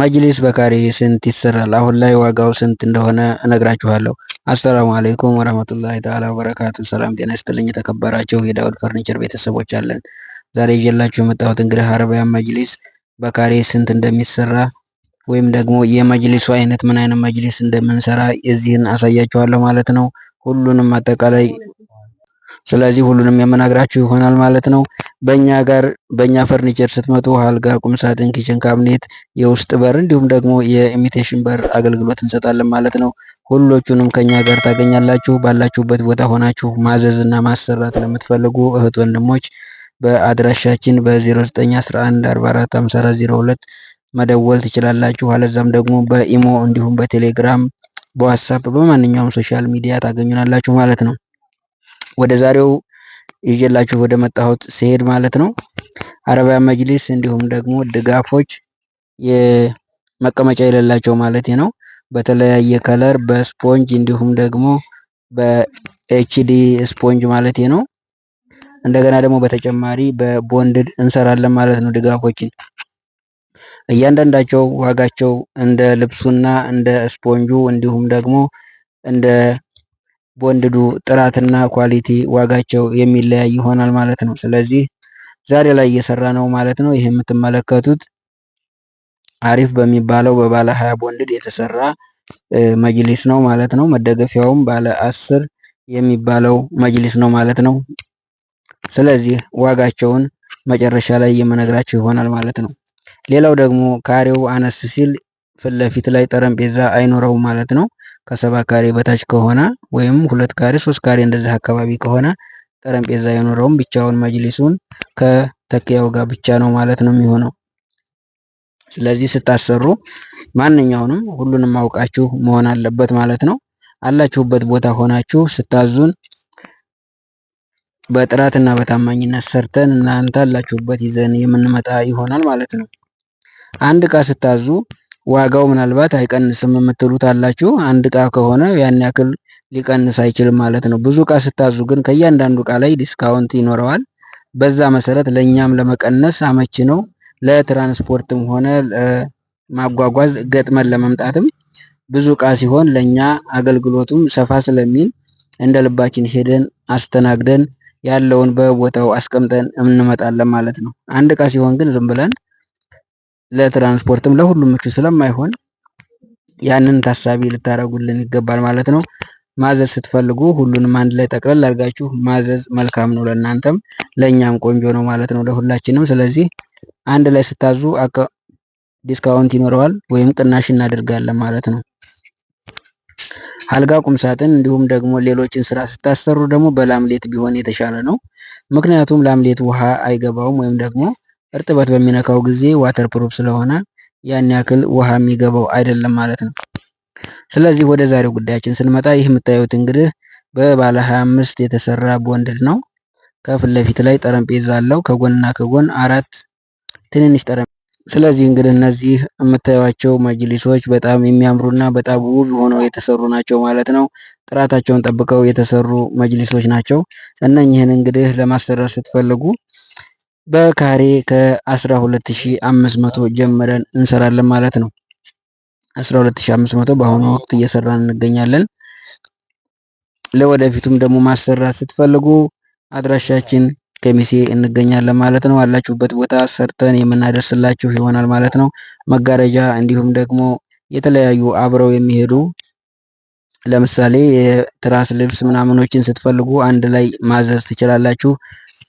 መጅሊስ በካሬ ስንት ይሰራል? አሁን ላይ ዋጋው ስንት እንደሆነ እነግራችኋለሁ። አሰላሙ አለይኩም ወረህመቱላሂ ተዓላ ወበረካቱ። ሰላም ጤና ይስጥልኝ። የተከበራችሁ የዳውድ ፈርኒቸር ቤተሰቦች አለን። ዛሬ ይዤላችሁ የመጣሁት እንግዲህ አረቢያን መጅሊስ በካሬ ስንት እንደሚሰራ ወይም ደግሞ የመጅሊሱ አይነት ምን አይነት መጅሊስ እንደምንሰራ የዚህን አሳያችኋለሁ ማለት ነው። ሁሉንም አጠቃላይ ስለዚህ ሁሉንም የምነግራችሁ ይሆናል ማለት ነው። በእኛ ጋር በእኛ ፈርኒቸር ስትመጡ አልጋ፣ ቁምሳጥን፣ ኪችን ካብኔት፣ የውስጥ በር እንዲሁም ደግሞ የኢሚቴሽን በር አገልግሎት እንሰጣለን ማለት ነው። ሁሎቹንም ከኛ ጋር ታገኛላችሁ። ባላችሁበት ቦታ ሆናችሁ ማዘዝ እና ማሰራት ለምትፈልጉ እህት ወንድሞች በአድራሻችን በ0911445402 መደወል ትችላላችሁ። አለዛም ደግሞ በኢሞ እንዲሁም በቴሌግራም በዋትሳፕ በማንኛውም ሶሻል ሚዲያ ታገኙናላችሁ ማለት ነው። ወደ ዛሬው ይዤላችሁ ወደ መጣሁት ሲሄድ ማለት ነው አረቢያ መጅሊስ እንዲሁም ደግሞ ድጋፎች መቀመጫ የሌላቸው ማለት ነው። በተለያየ ከለር በስፖንጅ እንዲሁም ደግሞ በኤችዲ ስፖንጅ ማለት ነው። እንደገና ደግሞ በተጨማሪ በቦንድድ እንሰራለን ማለት ነው። ድጋፎችን እያንዳንዳቸው ዋጋቸው እንደ ልብሱና እንደ ስፖንጁ እንዲሁም ደግሞ እንደ ቦንድዱ ጥራትና ኳሊቲ ዋጋቸው የሚለያይ ይሆናል ማለት ነው። ስለዚህ ዛሬ ላይ እየሰራ ነው ማለት ነው። ይህ የምትመለከቱት አሪፍ በሚባለው በባለ ሀያ ቦንድድ የተሰራ መጅሊስ ነው ማለት ነው። መደገፊያውም ባለ አስር የሚባለው መጅሊስ ነው ማለት ነው። ስለዚህ ዋጋቸውን መጨረሻ ላይ የምነግራቸው ይሆናል ማለት ነው። ሌላው ደግሞ ካሬው አነስ ሲል ፊት ለፊት ላይ ጠረጴዛ አይኖረውም ማለት ነው። ከሰባ ካሬ በታች ከሆነ ወይም ሁለት ካሬ ሶስት ካሬ እንደዚህ አካባቢ ከሆነ ጠረጴዛ አይኖረውም። ብቻውን መጅሊሱን ከተኪያው ጋር ብቻ ነው ማለት ነው የሚሆነው። ስለዚህ ስታሰሩ ማንኛውንም ሁሉንም አውቃችሁ መሆን አለበት ማለት ነው። አላችሁበት ቦታ ሆናችሁ ስታዙን በጥራት እና በታማኝነት ሰርተን እናንተ አላችሁበት ይዘን የምንመጣ ይሆናል ማለት ነው። አንድ እቃ ስታዙ ዋጋው ምናልባት አይቀንስም የምትሉት አላችሁ። አንድ እቃ ከሆነ ያን ያክል ሊቀንስ አይችልም ማለት ነው። ብዙ እቃ ስታዙ ግን ከእያንዳንዱ እቃ ላይ ዲስካውንት ይኖረዋል። በዛ መሰረት ለእኛም ለመቀነስ አመች ነው። ለትራንስፖርትም ሆነ ማጓጓዝ ገጥመን ለመምጣትም ብዙ እቃ ሲሆን ለእኛ አገልግሎቱም ሰፋ ስለሚል እንደ ልባችን ሄደን አስተናግደን ያለውን በቦታው አስቀምጠን እንመጣለን ማለት ነው። አንድ እቃ ሲሆን ግን ዝም ብለን ለትራንስፖርትም ለሁሉም ምቹ ስለማይሆን ያንን ታሳቢ ልታደርጉልን ይገባል ማለት ነው። ማዘዝ ስትፈልጉ ሁሉንም አንድ ላይ ጠቅለል አድርጋችሁ ማዘዝ መልካም ነው። ለእናንተም ለእኛም ቆንጆ ነው ማለት ነው ለሁላችንም። ስለዚህ አንድ ላይ ስታዙ ዲስካውንት ይኖረዋል ወይም ቅናሽ እናደርጋለን ማለት ነው። አልጋ፣ ቁም ሳጥን እንዲሁም ደግሞ ሌሎችን ስራ ስታሰሩ ደግሞ በላምሌት ቢሆን የተሻለ ነው። ምክንያቱም ላምሌት ውሃ አይገባውም ወይም ደግሞ እርጥበት በሚነካው ጊዜ ዋተር ፕሩፍ ስለሆነ ያን ያክል ውሃ የሚገባው አይደለም ማለት ነው። ስለዚህ ወደ ዛሬው ጉዳያችን ስንመጣ ይህ የምታዩት እንግዲህ በባለ 25 የተሰራ ቦንድድ ነው። ከፊት ለፊት ላይ ጠረጴዛ አለው። ከጎንና ከጎን አራት ትንንሽ ጠረጴዛ። ስለዚህ እንግዲህ እነዚህ የምታዩቸው መጅሊሶች በጣም የሚያምሩና በጣም ውብ ሆነው የተሰሩ ናቸው ማለት ነው። ጥራታቸውን ጠብቀው የተሰሩ መጅሊሶች ናቸው። እነኝህን እንግዲህ ለማሰራት ስትፈልጉ በካሬ ከ12500 ጀምረን እንሰራለን ማለት ነው። 12500 በአሁኑ ወቅት እየሰራን እንገኛለን። ለወደፊቱም ደግሞ ማሰራት ስትፈልጉ አድራሻችን ከሚሴ እንገኛለን ማለት ነው። አላችሁበት ቦታ ሰርተን የምናደርስላችሁ ይሆናል ማለት ነው። መጋረጃ እንዲሁም ደግሞ የተለያዩ አብረው የሚሄዱ ለምሳሌ የትራስ ልብስ ምናምኖችን ስትፈልጉ አንድ ላይ ማዘዝ ትችላላችሁ።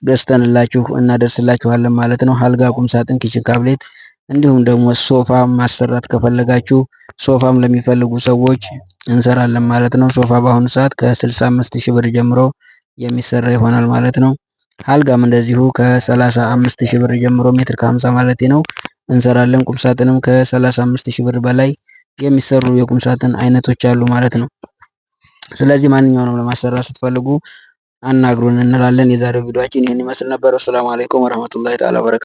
ገዝተንላችሁ እናደርስላችኋለን ማለት ነው። አልጋ፣ ቁም ሳጥን፣ ኪችን ካብሌት እንዲሁም ደግሞ ሶፋ ማሰራት ከፈለጋችሁ ሶፋም ለሚፈልጉ ሰዎች እንሰራለን ማለት ነው። ሶፋ በአሁኑ ሰዓት ከ65 ሺህ ብር ጀምሮ የሚሰራ ይሆናል ማለት ነው። አልጋም እንደዚሁ ከ35 ሺህ ብር ጀምሮ ሜትር ከ50 ማለት ነው እንሰራለን። ቁም ሳጥንም ከ35 ሺህ ብር በላይ የሚሰሩ የቁም ሳጥን አይነቶች አሉ ማለት ነው። ስለዚህ ማንኛውንም ለማሰራት ስትፈልጉ አናግሩን እንላለን። የዛሬው ቪዲዮአችን ይህን ይመስል ነበር። ሰላም አለይኩም ወረህመቱላሂ ተዓላ በረካቱ